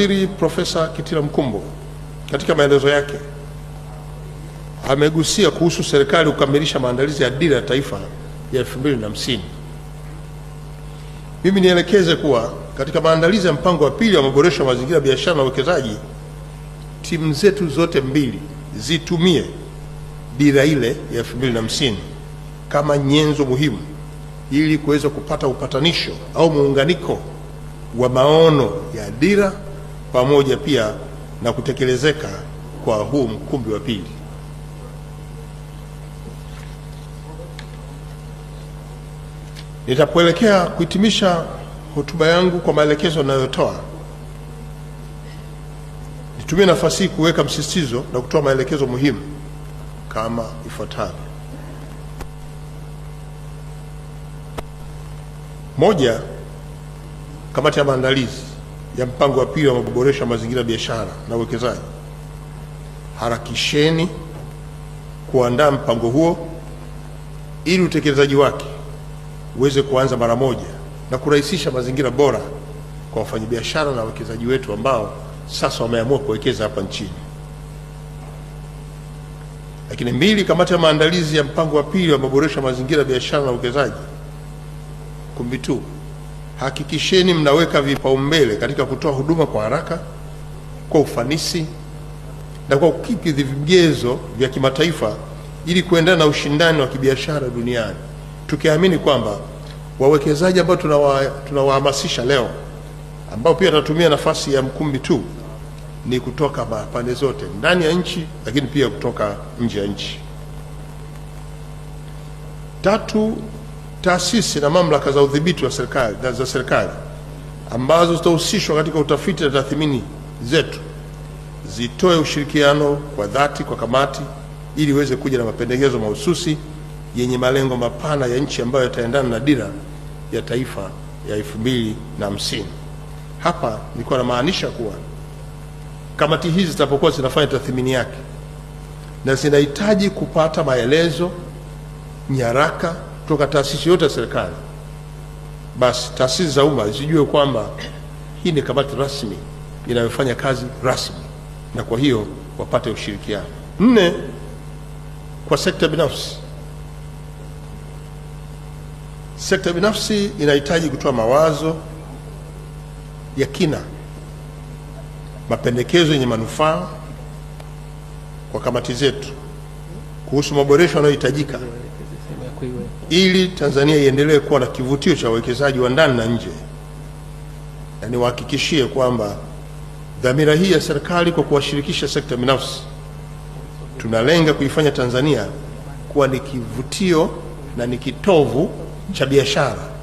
Waziri Profesa Kitila Mkumbo katika maelezo yake amegusia kuhusu serikali kukamilisha maandalizi ya dira ya taifa ya 2050. Mimi nielekeze kuwa katika maandalizi ya mpango wa pili wa maboresho ya mazingira biashara na uwekezaji, timu zetu zote mbili zitumie dira ile ya 2050 kama nyenzo muhimu ili kuweza kupata upatanisho au muunganiko wa maono ya dira pamoja pia na kutekelezeka kwa huu mkumbi wa pili. Nitapoelekea kuhitimisha hotuba yangu kwa maelekezo ninayotoa, nitumie nafasi hii kuweka msisitizo na kutoa maelekezo muhimu kama ifuatavyo. Moja, kamati ya maandalizi ya mpango wa pili wa maboresho ya mazingira ya biashara na uwekezaji, harakisheni kuandaa mpango huo ili utekelezaji wake uweze kuanza mara moja na kurahisisha mazingira bora kwa wafanyabiashara na wawekezaji wetu ambao sasa wameamua kuwekeza hapa nchini. Lakini mbili, kamati ya maandalizi ya mpango wa pili wa maboresho ya mazingira ya biashara na uwekezaji kumbi tu hakikisheni mnaweka vipaumbele katika kutoa huduma kwa haraka, kwa ufanisi na kwa kukidhi vigezo vya kimataifa ili kuendana na ushindani wa kibiashara duniani, tukiamini kwamba wawekezaji ambao tunawahamasisha tuna leo ambao pia watatumia nafasi ya mkumbi tu ni kutoka pande zote ndani ya nchi, lakini pia kutoka nje ya nchi. Tatu, taasisi na mamlaka za udhibiti wa serikali za serikali ambazo zitahusishwa katika utafiti na tathmini zetu zitoe ushirikiano kwa dhati kwa kamati ili iweze kuja na mapendekezo mahususi yenye malengo mapana ya nchi ambayo yataendana na dira ya taifa ya elfu mbili na hamsini. Hapa nilikuwa namaanisha kuwa kamati hizi zitapokuwa zinafanya tathmini yake na zinahitaji kupata maelezo, nyaraka kutoka taasisi yote ya serikali, basi taasisi za umma zijue kwamba hii ni kamati rasmi inayofanya kazi rasmi, na kwa hiyo wapate ushirikiano. Nne, kwa sekta binafsi. Sekta binafsi inahitaji kutoa mawazo ya kina, mapendekezo yenye manufaa kwa kamati zetu kuhusu maboresho yanayohitajika ili Tanzania iendelee kuwa na kivutio cha wawekezaji wa ndani na nje, na niwahakikishie kwamba dhamira hii ya serikali kwa kuwashirikisha sekta binafsi, tunalenga kuifanya Tanzania kuwa ni kivutio na ni kitovu cha biashara